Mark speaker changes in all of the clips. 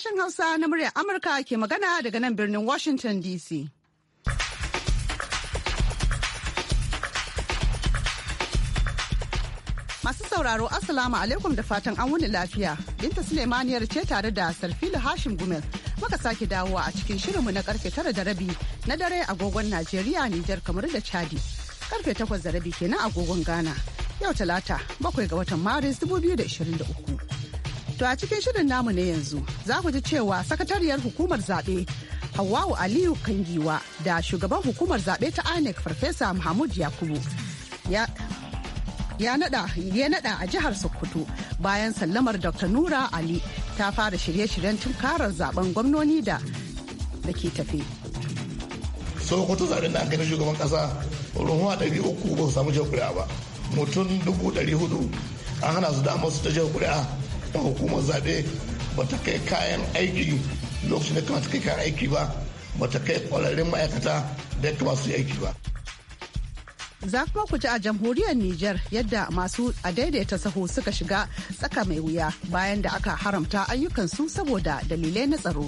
Speaker 1: sashen Hausa na muryar Amurka ke magana daga nan birnin Washington DC. Masu sauraro asalamu alaikum da fatan an wuni lafiya. Binta Sulemaniyar ce tare da Sarfilu Hashim Gumel. Muka sake dawowa a cikin shirinmu na karfe tara da rabi na dare agogon Najeriya, Nijar, kamar da Chadi. Karfe takwas da rabi kenan agogon Ghana. Yau Talata, bakwai ga watan Maris 2023. To a cikin shirin namu na yanzu za ku ji cewa sakatariyar hukumar zaɓe Hawwa'u Aliyu Kangiwa da shugaban hukumar zaɓe ta INEC Farfesa Mahmud Yakubu ya nada a jihar Sokoto bayan sallamar Dr. Nura Ali ta fara shirye-shiryen tunkarar zaben gwamnoni da da ke tafi.
Speaker 2: Sokoto zaɓen da an shugaban ƙasa ruhuwa ɗari uku ba su samu jan ƙuri'a ba mutum dubu ɗari hudu an hana su damar su ta jan ƙuri'a ta hukumar zaɓe ba ta kai kayan aiki lokacin da kamata kai kayan aiki ba ba ta kai kwararrun ma'aikata da ya kamata su yi aiki ba.
Speaker 1: Za kuma ku ji a jamhuriyar Nijar yadda masu adaidaita saho suka shiga tsaka mai wuya bayan da aka haramta ayyukan su saboda dalilai na tsaro.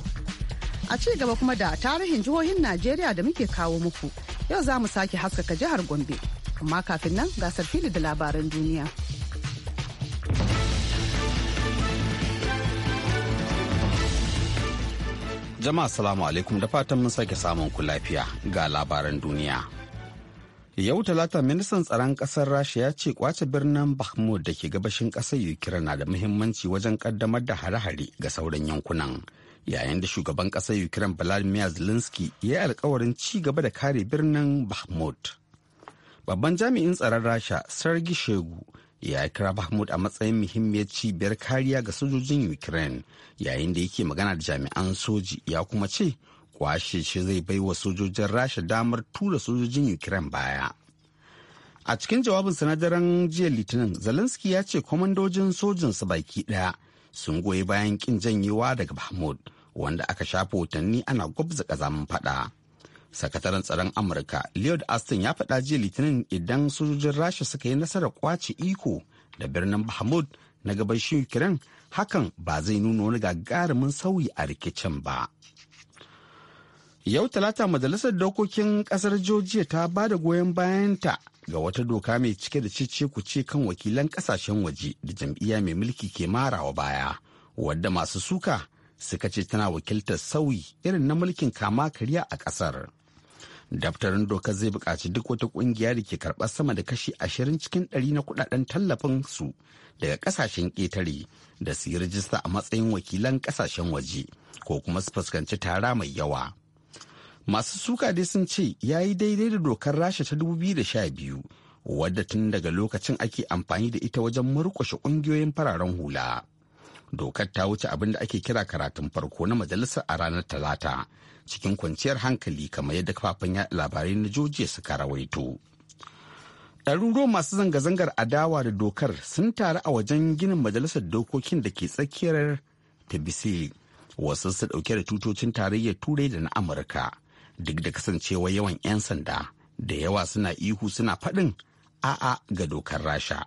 Speaker 1: A ci gaba kuma da tarihin jihohin Najeriya da muke kawo muku, yau za mu sake haskaka jihar Gombe. Amma kafin nan gasar fili da labaran duniya.
Speaker 3: Jama'a salamu alaikum da fatan mun sake samun ku lafiya ga labaran duniya. Yau talata ministan tsaron ƙasar Rasha ya ce kwace birnin Bakhmut da ke gabashin ƙasar Ukraine na da muhimmanci wajen ƙaddamar da hare-hare ga sauran yankunan. Yayin da shugaban ƙasar Ukraine Vladimir Zelensky ya yi alkawarin ci gaba da kare birnin Bakhmut. Babban jami'in tsaron Rasha Sergei Shegu ya kira Bahmud a matsayin muhimmiyar cibiyar kariya ga sojojin Ukraine yayin da yake magana da jami'an soji ya kuma ce kwashe shi zai bai wa sojojin Rasha damar tura sojojin Ukraine baya. A cikin jawabin sanadaran jiya Litinin, Zelensky ya ce kwamandojin sojinsa baki ɗaya sun goyi bayan kin janyewa daga Bahmud wanda aka shafa watanni ana gwabza ƙazamin faɗa. sakataren tsaron amurka lloyd aston ya faɗa jiya litinin idan sojojin rasha suka yi nasarar kwace iko da birnin mahmud na gabashin ukraine hakan ba zai nuna wani gagarumin sauyi a rikicin ba yau talata majalisar dokokin kasar georgia ta ba da goyon bayanta ga wata doka mai cike da cece ce kan wakilan kasashen waje da jam'iyya mai mulki ke marawa baya wadda masu suka suka ce tana wakiltar sauyi irin na mulkin kama karya a kasar daftarin dokar zai buƙaci duk wata ƙungiya da ke karɓar sama da kashi ashirin cikin ɗari na kuɗaɗen tallafin su daga ƙasashen ƙetare da su yi rajista a matsayin wakilan ƙasashen waje ko kuma su fuskanci tara mai yawa masu suka dai sun ce ya yi daidai da dokar rasha ta da sha biyu, wadda tun daga lokacin ake amfani da ita wajen murƙushe ƙungiyoyin fararen hula dokar ta wuce abin da ake kira karatun farko na majalisar a ranar talata cikin kwanciyar hankali kamar yadda kafafen labarai na jojiya suka rawaito. ɗaruruwan masu zanga-zangar adawa da dokar sun taru a wajen ginin majalisar dokokin da ke tsakiyar tabisi wasu su ɗauke da tutocin tarayyar turai da na amurka duk da kasancewa yawan 'yan sanda da yawa suna ihu suna faɗin a'a ga dokar rasha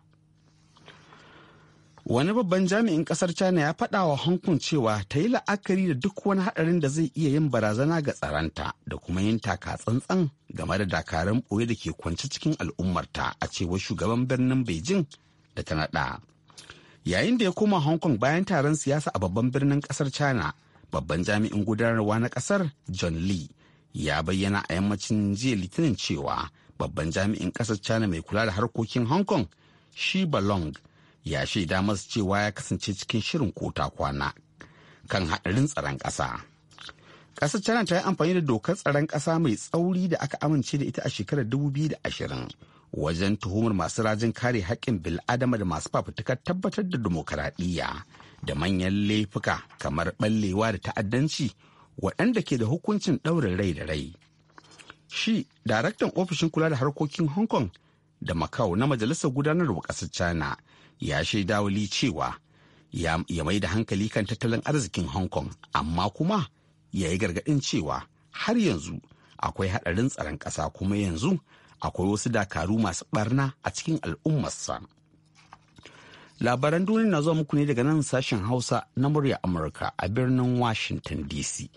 Speaker 3: wani babban jami'in kasar china ya faɗa wa hong kong cewa ta yi la'akari da duk wani haɗarin da zai iya yin barazana ga tsaranta da kuma yin taka tsantsan game da dakarun ɓoye da ke kwance cikin al'ummarta a cewar shugaban birnin beijing da ta naɗa yayin da ya koma hong kong bayan taron siyasa a babban birnin kasar china babban jami'in gudanarwa na kasar john lee ya bayyana a yammacin jiya litinin cewa babban jami'in kasar china mai kula da harkokin hong kong shi balong ya shaida masu cewa ya kasance cikin shirin kota kwana kan hadarin tsaron ƙasa. Ƙasar China ta yi amfani da dokar tsaron ƙasa mai tsauri da aka amince da ita a shekarar 2020 wajen tuhumar masu rajin kare haƙƙin bil'adama da masu fafutukar tabbatar da dimokuraɗiyya da manyan laifuka kamar ɓallewa da ta'addanci waɗanda ke da hukuncin ɗaurin rai da rai. Shi, daraktan ofishin kula da harkokin Hong Kong da Macau na majalisar gudanarwa ƙasar China ya shaida wali cewa ya mai da hankali kan tattalin arzikin hong kong amma kuma ya yi gargaɗin cewa har yanzu akwai haɗarin tsaron ƙasa kuma yanzu akwai wasu dakaru masu ɓarna a cikin al'ummarsa labaran duniya na zuwa muku ne daga nan sashen hausa na murya amurka a birnin washington dc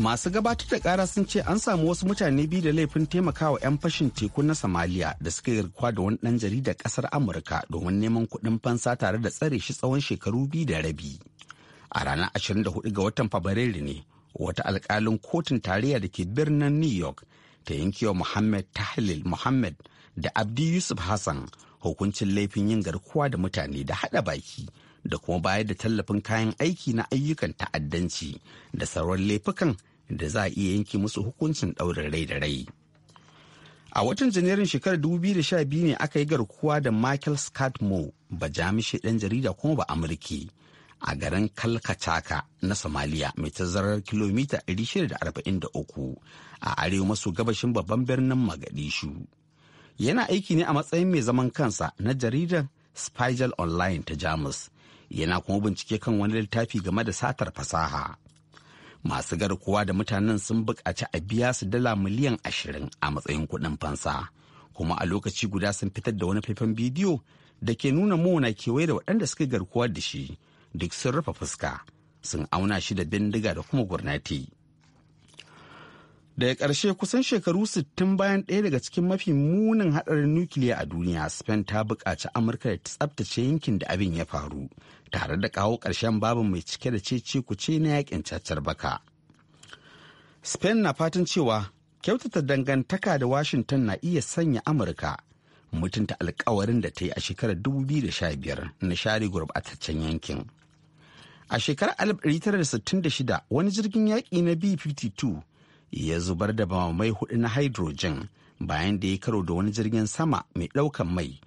Speaker 3: masu gabatar da kara sun ce an samu wasu mutane biyu da laifin taimakawa 'yan fashin teku na somalia da suka yi rikwa da wani dan jaridar ƙasar amurka domin neman kuɗin fansa tare da tsare shi tsawon shekaru biyu da rabi a ranar 24 ga watan fabrairu ne wata alkalin kotun tarayya da ke birnin new york ta yanke wa muhammad tahlil muhammad da abdi yusuf hassan hukuncin laifin yin garkuwa da mutane da haɗa baki da kuma bayar da tallafin kayan aiki na ayyukan ta'addanci da sauran laifukan da za a iya yanke musu hukuncin ɗaurin rai da rai. A watan Janairun shekarar 2012 ne aka yi garkuwa da Michael Scott Moore, jami'shi ɗan jarida kuma ba Amurki, a garin Kalkataka na Somalia mai tazarar kilomita 643 a arewa maso gabashin babban birnin Magadishu. Yana aiki ne a matsayin mai zaman kansa na jaridar Spiegel Online ta Jamus. Yana kuma bincike kan wani littafi game da satar fasaha. masu garkuwa da mutanen sun buƙaci a biya su dala miliyan ashirin a matsayin kuɗin fansa kuma a lokaci guda sun fitar da wani faifan bidiyo da ke nuna mona kewaye da waɗanda suka garkuwa da shi duk sun rufe fuska sun auna shi da bindiga da kuma gwamnati daga ƙarshe kusan shekaru 60 bayan ɗaya daga cikin mafi munin hadarin nukiliya a duniya spain ta bukaci amurka da ta tsabtace yankin da abin ya faru tare da kawo ƙarshen babu mai cike da cece kuce na yakin cacar baka. Spain na fatan cewa kyautata dangantaka da Washington na iya sanya Amurka mutunta alkawarin da ta yi a shekarar 2015 na share gurbataccen yankin. A shekarar 1966 wani jirgin yaƙi na B-52 ya zubar da mai hudu na hydrogen bayan da ya karo da wani jirgin sama mai ɗaukan mai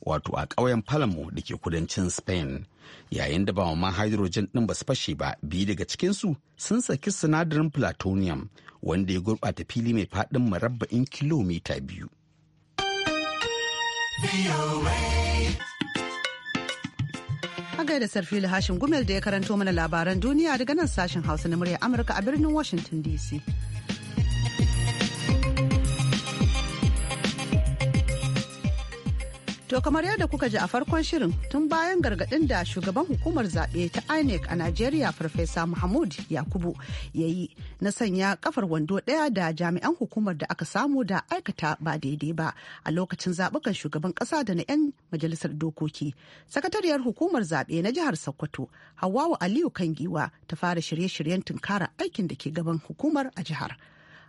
Speaker 3: wato a ƙauyen palermo da ke kudancin Spain. yayin da ba ma hydrogen ɗin ba su fashe ba biyu daga cikinsu sun saki sinadarin plutonium wanda ya gurɓata fili mai faɗin marabba'in kilomita biyu.
Speaker 1: a da Sarfili Hashin Gumel da ya karanto mana labaran duniya daga nan sashen Hausa na murya Amurka a birnin Washington DC. To kamar yadda kuka ji a farkon shirin tun bayan gargadin da shugaban hukumar zaɓe ta INEC a Najeriya Farfesa Mahmud Yakubu ya yi na sanya kafar wando ɗaya da jami'an hukumar da aka samu da aikata ba daidai ba a lokacin zaɓukan shugaban ƙasa da na 'yan majalisar dokoki. Sakatariyar hukumar zaɓe na jihar Sokoto Hawwa Aliyu Kangiwa ta fara shirye-shiryen tunkara aikin da ke gaban hukumar a jihar.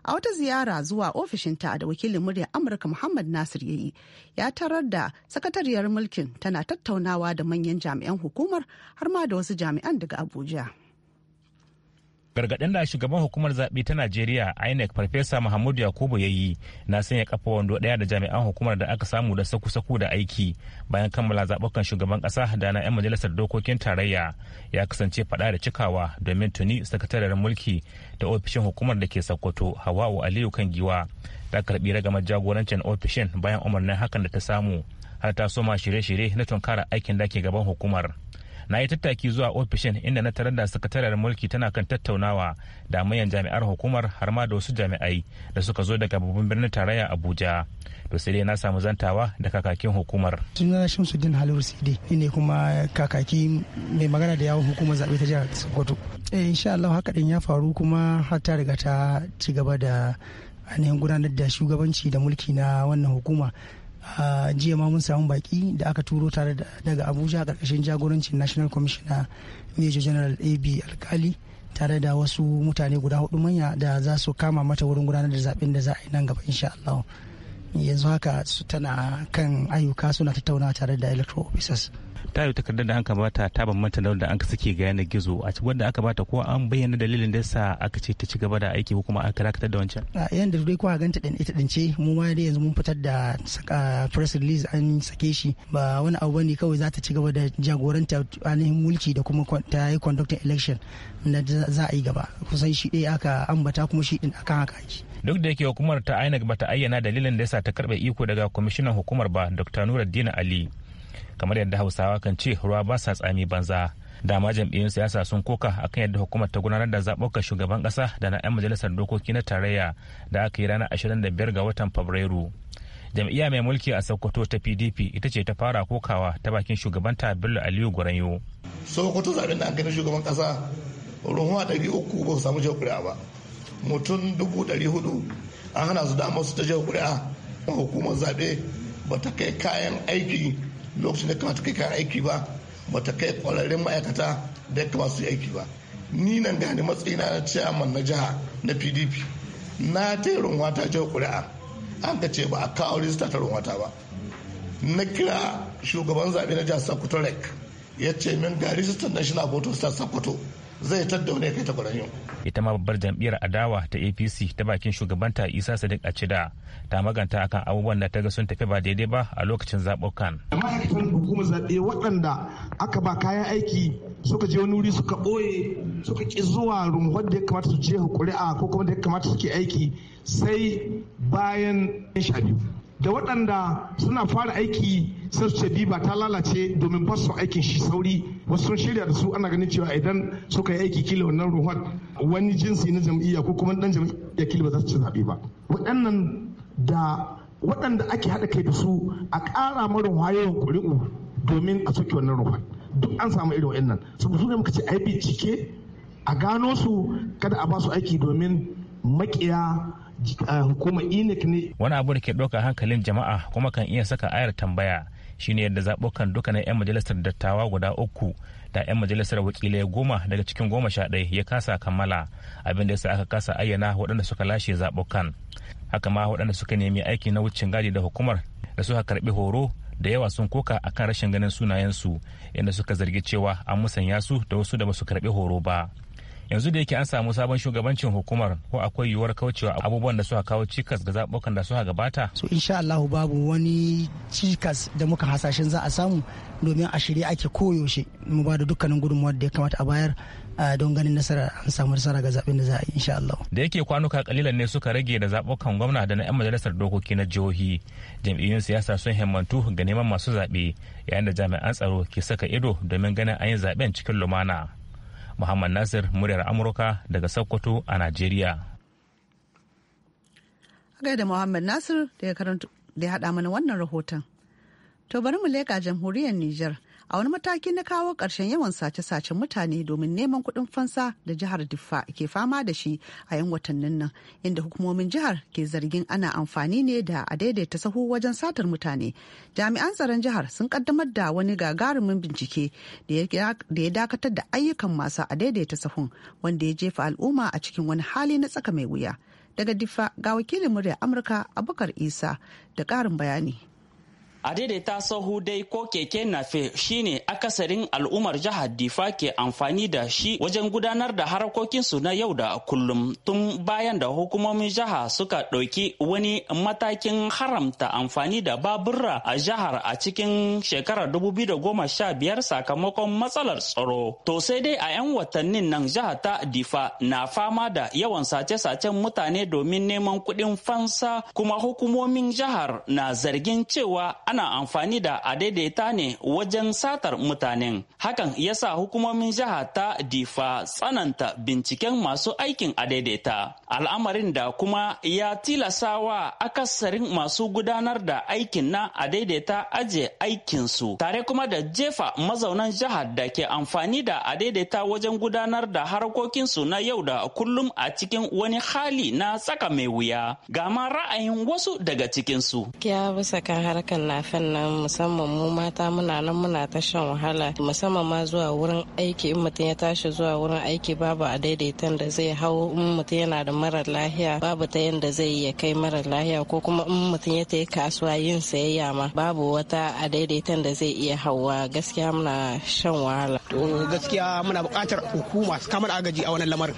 Speaker 1: a wata ziyara zuwa ofishinta da wakilin Murya amurka muhammad nasir ya yi ya tarar da sakatariyar mulkin tana tattaunawa da manyan jami'an hukumar har ma da wasu jami'an daga abuja
Speaker 4: gargaɗin da shugaban hukumar zaɓe ta najeriya inec farfesa mahmud yakubu ya yi na sanya kafa wando ɗaya da jami'an hukumar da aka samu da saku-saku da aiki bayan kammala zaɓukan shugaban ƙasa da na 'yan majalisar dokokin tarayya ya kasance faɗa da cikawa domin tuni sakataren mulki da ofishin hukumar da ke sokoto hawa'u aliyu kan giwa ta karɓi ragamar jagorancin ofishin bayan umarnin hakan da ta samu har ta soma shirye-shirye na tunkara aikin da ke gaban hukumar. na yi tattaki zuwa ofishin inda na tarar da sakatariyar mulki tana kan tattaunawa da manyan jami'ar hukumar har ma da wasu jami'ai da suka zo daga babban birnin tarayya abuja to sai dai na samu zantawa da kakakin hukumar
Speaker 5: sunana shamsuddin halilu sidi ne kuma kakaki mai magana da yawon hukumar zaɓe ta jihar sokoto eh, insha allah haka din ya faru kuma har ta riga ta ci gaba da ainihin gudanar da shugabanci da mulki na wannan hukuma jiya ma mun samu baki da aka turo tare daga abuja karkashin jagorancin national commissioner major general ab alkali tare da wasu mutane guda hudu manya da za su kama mata wurin gudanar da zaben da za a yi nan gaba insha Allah yanzu haka su tana kan ayyuka suna tattaunawa tare da electoral officers
Speaker 6: ta
Speaker 4: yi takardar da aka bata ta bambanta da wanda aka sake ga yanar gizo a wanda aka bata ko an bayyana dalilin da yasa aka ce ta ci gaba da aiki ko kuma aka dakatar da wancan
Speaker 5: a yanda da dai a ganta din ita din ce mu ma dai yanzu mun fitar da press release an sake shi ba wani abu bane kawai za ta ci gaba da jagoranta ainihin mulki da kuma ta yi conducting election na za a yi gaba kusan shi dai aka ambata kuma shi din akan haka ake
Speaker 4: duk da yake hukumar ta INEC bata ayyana dalilin da yasa ta karbe iko daga kwamishinan hukumar ba Dr. Nuruddin Ali kamar yadda hausawa kan ce ruwa ba sa tsami banza dama jam'iyyun siyasa sun koka akan yadda hukumar ta gudanar da zaɓuɓɓukan shugaban ƙasa da na 'yan majalisar dokoki na tarayya da aka yi ranar 25 ga watan fabrairu jam'iyya mai mulki a sokoto ta pdp ita ce ta fara kokawa ta bakin shugabanta bello
Speaker 2: aliyu guranyo sokoto zaɓen da an kai shugaban ƙasa ruhuwa ɗari uku ba su samu jihar ba mutum dubu ɗari hudu an hana su damar su ta jihar kuri'a hukumar zaɓe ba ta kai kayan aiki lokacin da kamata kai kayan aiki ba ba ta kai kwararrun ma'aikata da ya su aiki ba ni nan gane matsayina na ciyaman na jiha na pdp na ta yi ta jihar kuri'a an ka ce ba a kawo rijista ta runwata ba na kira shugaban zaɓe na jihar sokoto rec ya ce min ga rijistar national voter star sokoto zai tattauna kai ta kwaranyo.
Speaker 4: ita ma babbar jam'iyyar adawa ta apc ta bakin shugabanta isa sadiq a cida ta maganta akan abubuwan da ta ga sun tafi ba daidai ba a lokacin zaɓukan.
Speaker 7: ma'aikatan hukumar zaɓe waɗanda aka ba kayan aiki suka je wani wuri suka ɓoye suka ƙi zuwa rumhuwar da ya kamata su je kuri'a ko kuma da ya kamata suke aiki sai bayan sha biyu da waɗanda suna fara aiki sun ce biba ta lalace domin ba su aikin shi sauri wasu sun shirya da su ana ganin cewa idan suka yi aiki kila wannan ruhon wani jinsi na jam'iyya ko kuma dan jam'iyya kila ba za su ci zaɓe ba waɗannan da waɗanda ake haɗa kai da su a ƙara marin wayoyin ƙuri'u domin a soke wannan ruhon duk an samu irin waɗannan saboda su ne muka ce ai bincike a gano su kada a ba su aiki domin maƙiya hukumar inec e ne
Speaker 4: wani abu da ke ɗaukar hankalin jama'a kuma kan iya saka ayar tambaya shine yadda zaɓukan dukkanin 'yan majalisar dattawa guda uku da 'yan majalisar wakilai goma daga cikin goma sha ɗaya ya kasa kammala abin da yasa aka kasa ayyana waɗanda suka lashe zaɓukan haka ma waɗanda suka nemi aiki na wucin gadi da hukumar da suka karɓi horo da yawa sun koka akan rashin ganin sunayensu inda suka zargi cewa an musanya su da wasu da basu karɓi horo ba yanzu da yake an samu sabon shugabancin hukumar ko akwai yiwuwar kaucewa abubuwan da suka kawo cikas ga zaɓukan da suka gabata so
Speaker 5: insha Allah babu wani cikas da muka hasashen za a samu domin a shirye ake koyaushe mu ba da dukkanin gudunmawar da ya kamata a bayar don ganin nasara an samu nasara ga zaɓen da za a yi insha Allah
Speaker 4: da yake kwanuka kalilan ne suka rage da zaɓukan gwamna da na 'yan majalisar dokoki na jihohi jam'iyyun siyasa sun himmantu ga neman masu zaɓe yayin da jami'an tsaro ke saka ido domin ganin an yi zaɓen cikin lumana Muhammad Nasir muryar Amurka daga Sokoto a Najeriya.
Speaker 1: Gaida Muhammad Nasir da ya haɗa mana wannan rahoton. To bari mu leƙa jamhuriyar Nijar. a wani mataki na kawo ƙarshen yawan sace-sacen mutane domin neman kuɗin fansa da jihar diffa ke fama da shi a 'yan watannin nan inda hukumomin jihar ke zargin ana amfani ne da a daidaita sahu wajen satar mutane jami'an tsaron jihar sun kaddamar da wani gagarumin bincike da ya dakatar da ayyukan masu a daidaita sahun wanda ya jefa al'umma a cikin wani hali na tsaka mai wuya daga diffa ga wakilin murya amurka abubakar isa da ƙarin bayani
Speaker 8: A daidaita sahu dai ko keke nafe shine akasarin al'ummar jihar Difa ke amfani da shi wajen gudanar da harkokinsu na yau da kullum tun bayan da hukumomin jiha suka ɗauki wani matakin haramta amfani da baburra a jihar a cikin shekarar 2015 sakamakon matsalar tsaro. To sai dai a 'yan watannin nan jihar ta Difa na fama da yawan sace-sacen mutane domin neman kuɗin fansa kuma hukumomin jihar na zargin cewa ana amfani da adaidaita ne wajen satar mutanen hakan ya sa hukumomin jiha ta difa tsananta binciken masu aikin adaidaita al'amarin da kuma ya tilasawa akasarin masu gudanar da aikin na adaidaita aje su tare kuma da jefa mazaunan jihar da ke amfani da adaidaita wajen gudanar da harkokinsu na yau da kullum a cikin wani hali na tsaka mai wuya ga ma ra'ayin wasu daga cikinsu. Kya zafe nan musamman mu mata muna nan muna ta shan wahala musamman ma zuwa wurin aiki in mutum ya tashi zuwa wurin aiki babu a daidaitan da zai hau in mutum yana da marar lahiya babu ta yanda zai iya kai marar lahiya ko kuma in mutum ya tafi kasuwa yin sayayya ma babu wata a daidaitan da zai iya hauwa gaskiya muna shan wahala. To
Speaker 5: gaskiya muna buƙatar hukuma su kamar agaji a wannan lamarin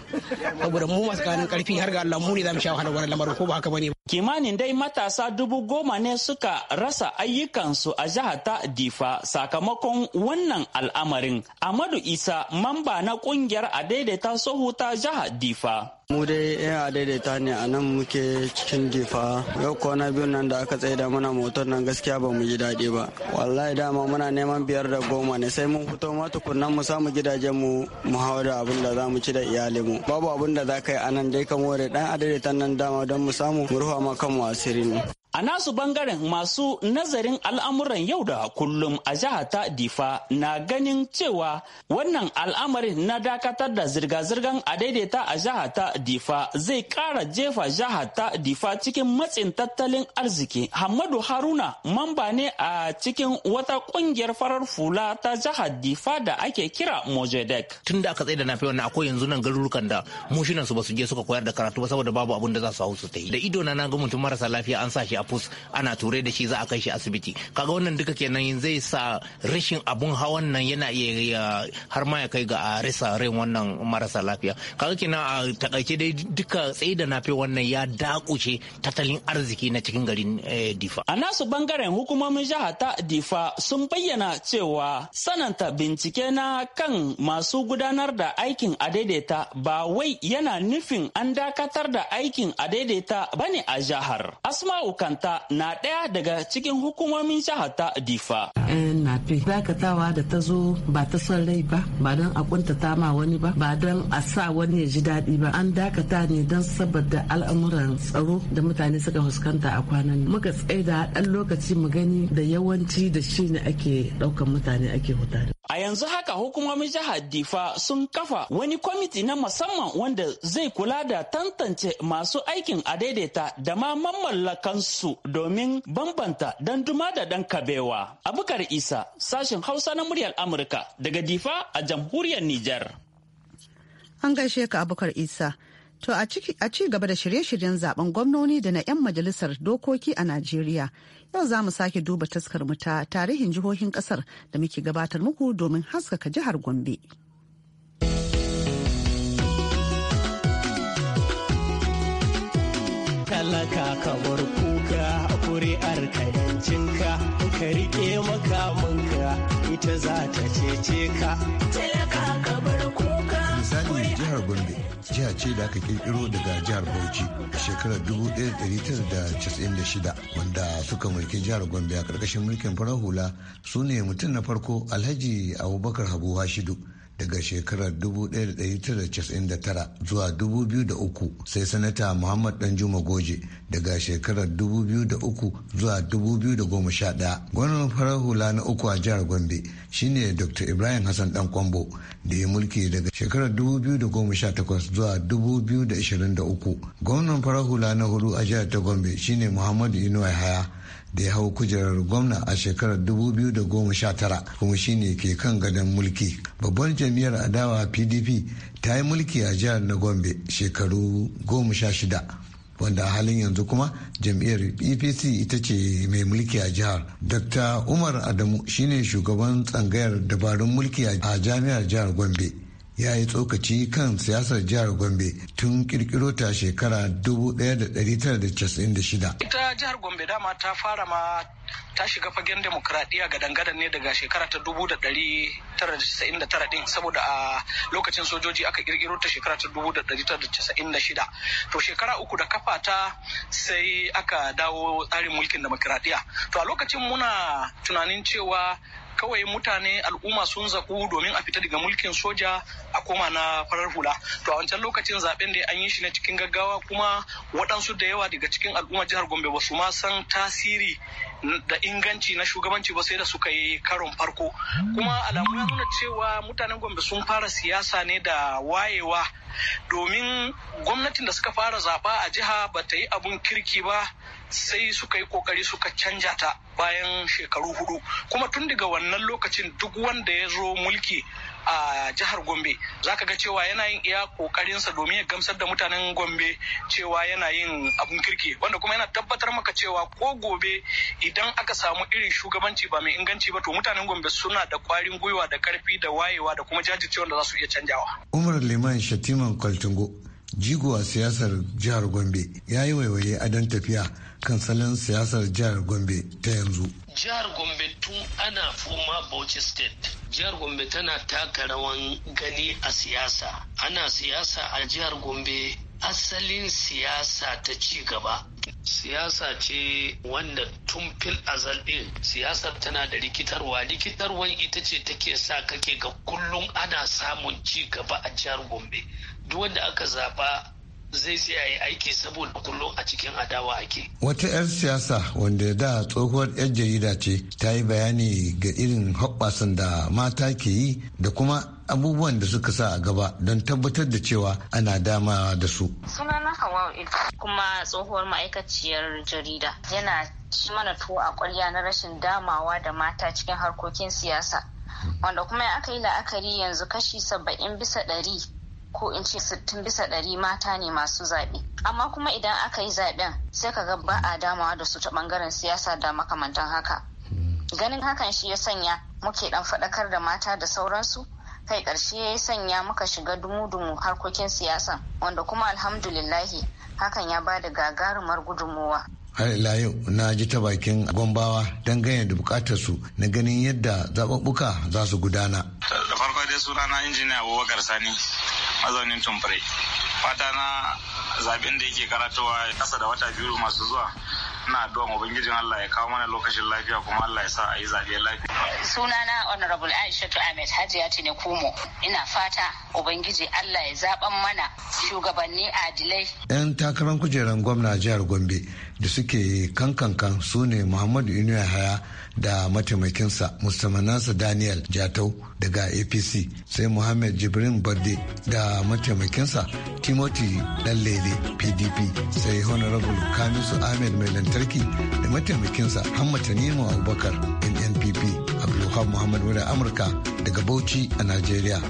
Speaker 5: saboda mu masu
Speaker 8: ƙanin ƙarfi har ga Allah mu ne za mu sha wahalar wannan lamarin ko ba haka bane. Kimanin dai matasa dubu goma ne suka rasa ayyukansu a jihar ta Difa sakamakon wannan al'amarin. Amadu Isa mamba na kungiyar a daidaita sohu ta jihar Difa.
Speaker 5: mu dai yan daidaita ne a nan muke cikin difa yau kwana biyu nan da aka tsaye da mana motar nan gaskiya ba mu ji daɗi ba wallahi dama muna neman biyar da goma ne sai mun fito ma tukunnan mu samu gidajen mu mu hawa da abin da za mu ci da iyali mu babu abin da za ka yi a nan dai ka more dan adaidaita nan dama don mu samu mu rufa ma kanmu asiri ne
Speaker 8: A nasu bangaren masu nazarin al'amuran yau da kullum a jihar ta Difa na ganin cewa wannan al'amarin na dakatar da zirga-zirgan a daidaita a jihar ta Difa zai kara jefa jihar ta Difa cikin matsin tattalin arziki. Hamadu Haruna mamba ne a cikin wata ƙungiyar farar fula ta jihar Difa da ake kira Mojedek. Tun da aka tsaye da nafi wannan akwai yanzu nan garurukan da mushinan
Speaker 4: su su je suka koyar da karatu ba saboda babu abin da za su hau su ta yi. Da ido na na ga mutum marasa lafiya an sa shi a ana ture da shi za a kai shi asibiti kaga wannan duka kenan zai sa rashin abun hawan nan yana iya har ma ya kai ga a rasa ran wannan marasa lafiya kaga kenan a
Speaker 8: takaice dai duka tsaye da nafe wannan ya dakushe tattalin arziki na cikin garin eh, difa a nasu bangaren hukumomin jiha ta difa sun bayyana cewa sananta bincike na kan masu gudanar da aikin a daidaita ba wai yana nufin an dakatar da aikin a daidaita bane a jihar asma'u kan kanta na ɗaya daga cikin hukumomin jihar ta Difa.
Speaker 1: Yan eh, dakatawa da ta zo ba ta son rai ba ba don a kuntata ma wani ba ba don a sa wani ya ji daɗi ba an dakata ne don saboda al'amuran tsaro da mutane suka fuskanta a kwanan muka tsaida ɗan lokaci mu gani da yawanci da shi ne ake ɗaukan mutane ake huta
Speaker 8: A yanzu haka hukumomin jihar Difa sun kafa wani kwamiti na musamman wanda zai kula da tantance masu aikin a daidaita da ma mamallakansu domin bambanta dan duma da dan kabewa. Abukar Isa, sashen Hausa na muryar Amurka daga Difa a jamhuriyar Nijar.
Speaker 1: An gaishe ka Abukar Isa. To a ci gaba da shirye-shiryen zaben gwamnoni da na 'yan majalisar dokoki a Najeriya. Yau za mu sake duba taskar mu ta tarihin jihohin kasar da muke gabatar muku domin haskaka jihar Gombe.
Speaker 5: Talaka ka bar kuka kuri'ar ka yancinka ka rike makamanka ita za ta
Speaker 6: cece ka. Talaka ka bar kuka tarihin jihar gombe jiha ce da aka kirkiro daga jihar bauchi a shekarar 1996 wanda suka mulki jihar gombe a ƙarƙashin mulkin farar hula su ne mutum na farko alhaji abubakar habu hashidu daga shekarar 1999 zuwa 2003 sai sanata muhammad danjuma goje daga shekarar 2003 zuwa 2011 gwamnan farar hula na uku a jihar gombe shine dr ibrahim hassan dan kwambo da ya mulki daga shekarar 2018 zuwa 2023 gwamnan farar hula na hudu a jihar ta gombe shine muhammadu inuwa haya da ya hau kujerar gwamna a shekarar 2019 kuma shine ke kan gadon mulki babban jam'iyyar adawa pdp ta yi mulki a jihar na gombe shekaru 16 wanda a halin yanzu kuma jam'iyyar apc e ita ce mai mulki a jihar dr umar adamu shine shugaban tsangayar dabarun mulki a jami'ar jihar gombe ya yi tsokaci kan siyasar jihar gombe tun kirkiro ta shekara 1996
Speaker 5: ita jihar gombe dama ta
Speaker 9: fara ma ta shiga fagen demokradiyya ga dangadan ne daga shekara ta 1999 din saboda a lokacin sojoji aka kirkiro ta shekara ta 1996 to shekara uku da kafa ta sai aka dawo tsarin mulkin demokradiyya to a lokacin muna tunanin cewa kawai mutane al'umma sun zaku domin a fita daga mulkin soja a koma na farar hula to a wancan lokacin zaben da an yi shi na cikin gaggawa kuma waɗansu da yawa daga cikin al'umma jihar gombe ba su ma san tasiri da inganci na shugabanci ba sai da suka yi karon farko hmm. kuma alamu ya nuna cewa mutanen gombe sun fara siyasa ne da wayewa domin gwamnatin da suka fara zaba a jiha ba ta yi abun kirki ba sai suka yi kokari suka canja ta bayan shekaru hudu kuma tun daga wannan lokacin duk wanda ya zo mulki a jihar Gombe zaka ga cewa yana yin iya kokarinsa domin ya gamsar da mutanen Gombe cewa yana yin abun kirki wanda kuma yana tabbatar maka cewa ko gobe idan aka samu irin shugabanci ba mai inganci ba to mutanen Gombe suna
Speaker 6: da kwarin gwiwa da karfi da wayewa da kuma jajircewa da za su iya canjawa. Umar Liman Shatiman Kwaltungo jigo a siyasar jihar Gombe ya yi waiwaye a dan tafiya kan salon siyasar jihar Gombe
Speaker 2: ta yanzu. Jihar Gombe tun ana foma Bauchi State jihar gombe tana taka rawan gani a siyasa ana siyasa a jihar gombe asalin siyasa ta ci gaba siyasa ce wanda tun fil azal din siyasar tana da rikitarwa rikitarwar ita ce take sa kake ga kullum ana samun ci gaba a jihar gombe duk wanda aka zaba
Speaker 8: zai sai a yi aiki saboda kullum a cikin adawa ake.
Speaker 6: Wata 'yar siyasa wanda da tsohuwar 'yar jarida ce ta yi bayani ga irin hoɓɓasan da mata ke yi da kuma abubuwan da suka sa a gaba don tabbatar da cewa ana dama da su.
Speaker 8: Suna na Hawa kuma tsohuwar ma'aikaciyar jarida yana ci mana tuwo a ƙwarya na rashin damawa da mata cikin harkokin siyasa. Hmm. Wanda kuma ya aka yi la'akari yanzu kashi saba'in bisa ɗari ko in ce sittin bisa ɗari mata ne masu zaɓe amma kuma idan aka yi zaɓen sai ka ga ba a damawa da su ta ɓangaren siyasa da makamantan haka ganin hakan shi ya sanya muke ɗan faɗakar da mata da sauransu kai ƙarshe ya sanya muka shiga dumu-dumu harkokin siyasa wanda kuma alhamdulillahi hakan ya ba da gagarumar gudunmuwa
Speaker 6: har ila yau na ji ta bakin gombawa dangane da bukatar su na ganin yadda zaɓuɓɓuka za su gudana.
Speaker 4: da farko dai sunana injiniya abubakar sani mazaunin tumfure fata na zaben da yake ya kasa da wata biyu masu zuwa ina addu'a ubangijin Allah ya kawo mana lokacin lafiya kuma Allah ya sa a yi zabe lafiya
Speaker 1: sunana honorable Aishatu Ahmed Hajiya ne Kumo ina fata ubangiji Allah ya zaben mana shugabanni
Speaker 8: adilai
Speaker 6: yan takarar kujerar gwamna jihar Gombe da suke kankankan su ne Muhammadu Inuwa Haya da mataimakinsa mustamanansa daniel jatau daga apc sai muhammad jibrin barde da mataimakinsa timothy danlele pdp sai honorable kamisu ahmed mai lantarki da mataimakinsa nemo abubakar nnpp abdulhamid muhammad wadda amurka daga bauchi a nigeria.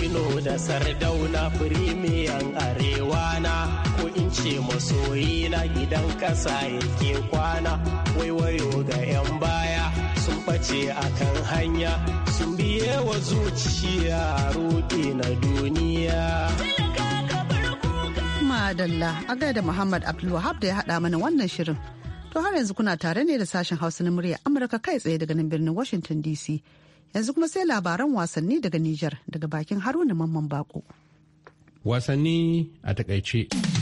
Speaker 9: Tino da Sardauna firimiyan arewa na ko in ce masoyi na gidan ƙasa yake kwana waiwayo ga 'yan baya sun face kan hanya sun biye wa zuciya roƙe
Speaker 5: na duniya.
Speaker 1: Madalla a gaida Muhammad Abdulwahab da ya haɗa mana wannan shirin. To har yanzu kuna tare ne da sashen Hausa na murya Amurka kai tsaye daga nan birnin Washington DC yanzu kuma sai labaran wasanni daga Nijar daga bakin Haruna Mamman Bako.
Speaker 3: Wasanni a takaice.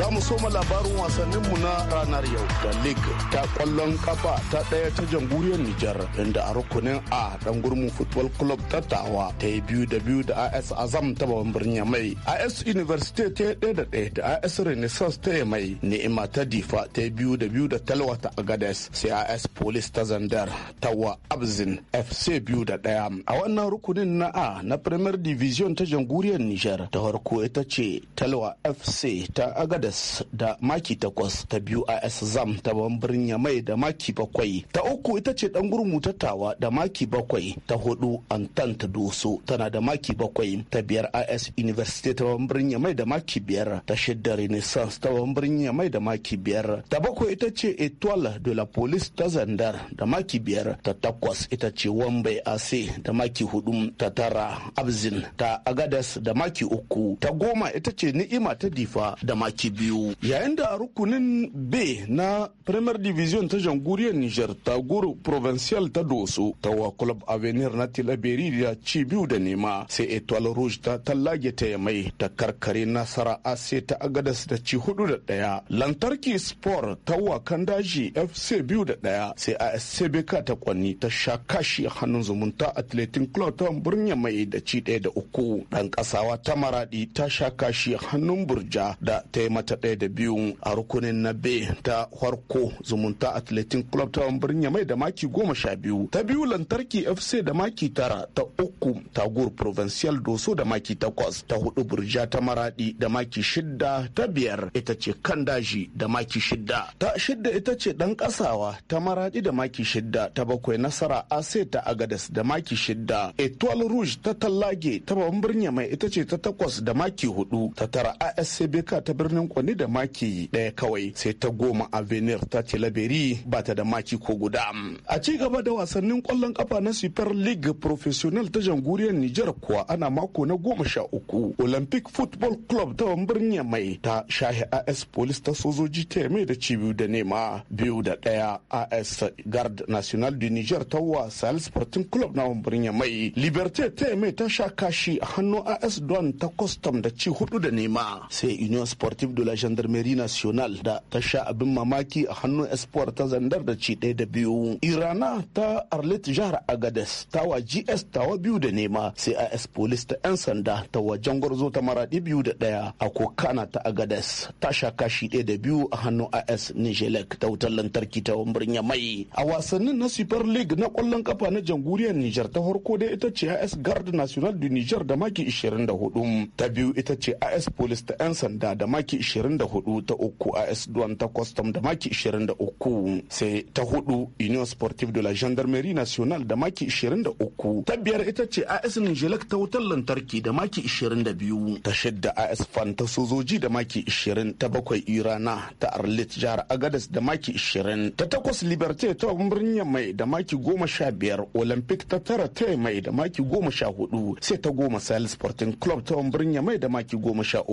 Speaker 7: Za mu soma labarin wasanninmu na ranar yau da League ta kwallon kafa ta ɗaya ta jamhuriyar Nijar inda a rukunin A dan gurmu Football Club ta tawa ta yi biyu da biyu da AS Azam ta babban birnin mai. AS University ta yi ɗaya da ɗaya da AS Renaissance ta yi mai. Ni'ima ta Difa ta yi biyu da biyu da Talwa ta Agades sai AS Police ta Zandar tawa Abzin FC biyu da ɗaya. A wannan rukunin na A na Premier Division ta jamhuriyar Nijar ta farko ita ce Talwa FC ta Agades da maki takwas ta biyu zam ta bambirin mai da maki bakwai ta uku ita ce dan gurmu ta tawa da maki bakwai ta hudu antan ta doso tana da maki bakwai ta biyar is university ta bambirin mai da maki biyar ta shida renaissance ta bambirin yamai da maki biyar ta bakwai ita ce etoile de la police ta zandar da maki biyar ta takwas ita ce wambai ase da maki hudu ta tara abzin ta agadas da maki uku ta goma ita ce ni'ima ta difa da maki biyar. biyu yayin da rukunin b na premier division ta jamhuriyar niger ta guru provincial ta doso ta wa club avenir na tilaberi da ci biyu da nema sai etoile rouge ta tallage ta yamai ta karkare nasara ac ta agadas da ci hudu da daya lantarki sport ta wa kandaji fc biyu da daya sai a beka ta kwanni ta sha kashi hannun zumunta atletin club ta birnin mai da ci daya da uku dan kasawa ta maradi ta sha kashi hannun burja da ta yi ta ɗaya da biyu a rukunin na B ta farko zumunta Athletic Club ta birnin mai da maki goma sha biyu ta biyu lantarki FC da maki tara ta uku tagur provincial doso da maki takwas ta hudu burja ta maradi da maki shidda ta biyar ita ce kan daji da maki shidda ta shidda ita ce dan kasawa ta maradi da maki shidda ta bakwai nasara ase ta agadas da maki shidda etoile rouge ta tallage ta babban birnin mai ita ce ta takwas da maki hudu ta tara asc beka ta birnin makonni da maki ɗaya kawai sai ta goma a avenir ta tilaberi ba ta da maki ko guda a ci gaba da wasannin kwallon kafa na super league professional ta janguriyar niger kuwa ana mako na goma sha uku olympic football club ta birnin mai ta shahi as police ta sojoji ta mai da biyu da nema biyu da ɗaya as guard national de niger ta wasa sporting club na birnin mai liberté ta mai ta sha kashi a hannu as don ta custom da ci hudu da nema sai union sportive de la gendarmerie nationale da ta sha abin mamaki a hannun espoir ta zandar da ci ɗaya da biyu irana ta arlit jihar agades wa gs tawa biyu da nema sai a police ta 'yan sanda ta wajen gwarzo ta maraɗi biyu da ɗaya a kokana ta agades ta sha kashi ɗaya da biyu a hannun as nijelek ta wutar lantarki ta wambirin ya mai a wasannin na super league na ƙwallon kafa na janguriyar nijar ta farko dai ita ce as guard national du nijar da maki 24 ta biyu ita ce as police ta 'yan sanda da maki 24 ta uku a duwan ta custom da maki 23 sai ta hudu union sportive de la gendarmerie nationale da maki 23 ta biyar ita ce as nijelak ta wutar lantarki da maki 22 ta shidda as fan ta sojoji da maki 20 ta bakwai irana ta arlit jihar agadas da maki 20 ta takwas liberté ta birnin mai da maki 15 olympic ta tara ta mai da maki 14 sai ta goma sal sporting club ta birnin mai da maki 13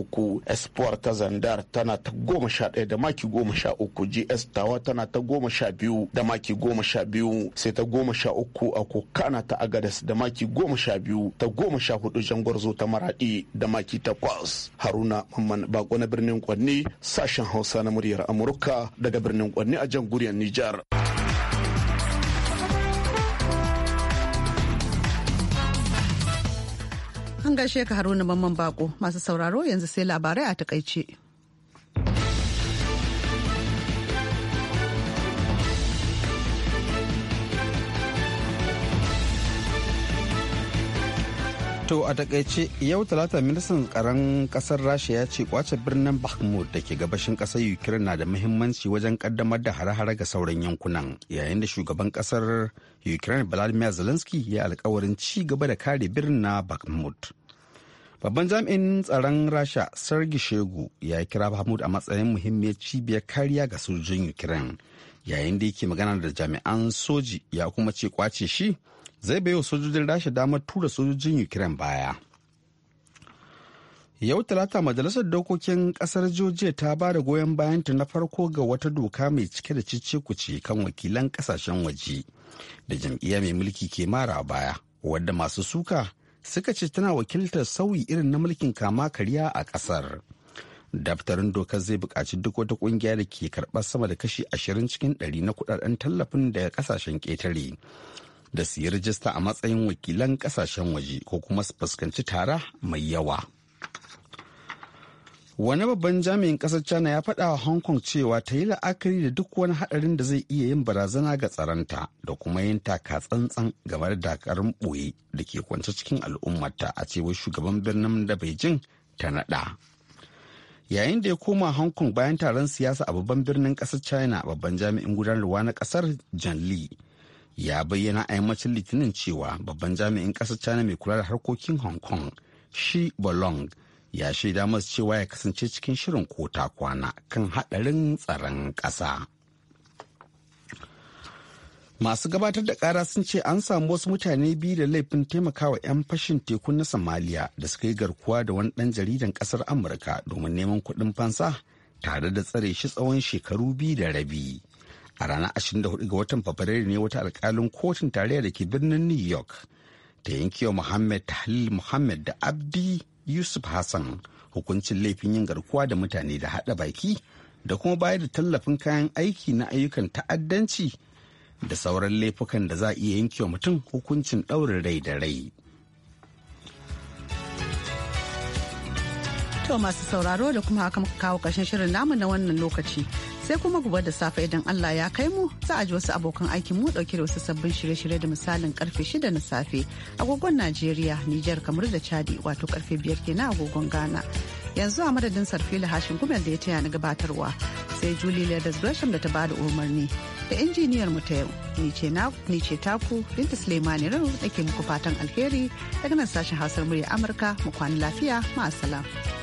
Speaker 7: sport ta zanda dar tana ta goma sha ɗaya da maki goma sha uku gs tawa tana ta goma sha biyu da maki goma sha biyu sai ta goma sha uku a kokana ta agadas da maki goma sha biyu ta goma sha hudu jangwarzo ta maraɗi da maki takwas haruna mamman bako na birnin kwanni sashen hausa na muryar amurka daga birnin kwanni a jamhuriyar nijar.
Speaker 1: an gaishe ka haruna mamman bako masu sauraro yanzu sai labarai a takaice.
Speaker 3: To a takaice yau talata ministan karan kasar Rasha ya ce kwace birnin Bakhmut da ke gabashin kasar Ukraine na da muhimmanci wajen kaddamar da hare-hare ga sauran yankunan yayin da shugaban kasar Ukraine Vladimir Zelensky ya alkawarin ci gaba da kare birnin na Bakhmut. Babban jami'in tsaron Rasha Sergei Shegu ya kira Bakhmut a matsayin muhimmiyar cibiyar kariya ga sojojin Ukraine yayin da yake magana da jami'an soji ya kuma ce kwace shi zai baiwa sojojin rasha damar tura sojojin ukraine baya yau talata majalisar dokokin kasar georgia ta ba da goyon bayanta na farko ga wata doka mai cike da cicikuci kan wakilan kasashen waje da jam'iyya mai mulki ke mara baya wadda masu suka suka ce tana wakiltar sauyi irin na mulkin kama karya a kasar daftarin dokar zai buƙaci duk wata ƙungiya da ke karɓar sama da kashi ashirin cikin ɗari na kudaden tallafin daga kasashen ƙetare da su yi rajista a matsayin wakilan kasashen waje ko kuma su fuskanci tara mai yawa. Wani babban jami'in ƙasar China ya faɗa wa Hong Kong cewa ta yi la'akari da duk wani haɗarin da zai iya yin barazana ga tsaronta da kuma yin taka tsantsan game da dakarun ɓoye da ke kwance cikin al'ummarta a cewar shugaban birnin da Beijing ta naɗa. Yayin da ya koma Hong Kong bayan taron siyasa a babban birnin kasar China babban jami'in gudanarwa na kasar Jan Lee ya bayyana a yammacin litinin cewa babban jami'in ƙasar china mai kula da harkokin hong kong shi bolong ya shaida masu cewa ya kasance cikin shirin kota kwana kan haɗarin tsaron ƙasa. Masu gabatar da ƙara sun ce an samu wasu mutane biyu da laifin taimakawa 'yan fashin teku na Somalia da suka yi garkuwa da wani ɗan jaridan ƙasar Amurka domin neman kuɗin fansa tare da tsare shi tsawon shekaru biyu da rabi. a ranar 24 ga watan fabrairu ne wata alkalin kotun tarayya da ke birnin new york ta yankewa muhammad halil muhammad da abdi yusuf hassan hukuncin laifin yin garkuwa da mutane da hada baki da kuma bayar da tallafin kayan aiki na ayyukan ta'addanci da sauran laifukan da za a iya wa mutum hukuncin ɗaurin rai da rai.
Speaker 1: To masu sauraro da kuma haka muka kawo ƙarshen shirin namu na wannan lokaci. Sai kuma gobe da safe idan Allah ya kai mu za a ji wasu abokan aikin mu dauke da wasu sabbin shirye-shirye da misalin karfe shida na safe agogon Najeriya, Nijar, kamar da Chadi wato karfe 5 kenan agogon Ghana. Yanzu a madadin Sarfila Hashin Gumel da ya taya na gabatarwa sai juli ladas Gresham da ta bada umarni da injiniyar mu ta yau ni ce taku Binta Suleimani Rau da ke muku fatan alheri daga nan sashen Hausar murya Amurka mu kwana lafiya ma'asalam.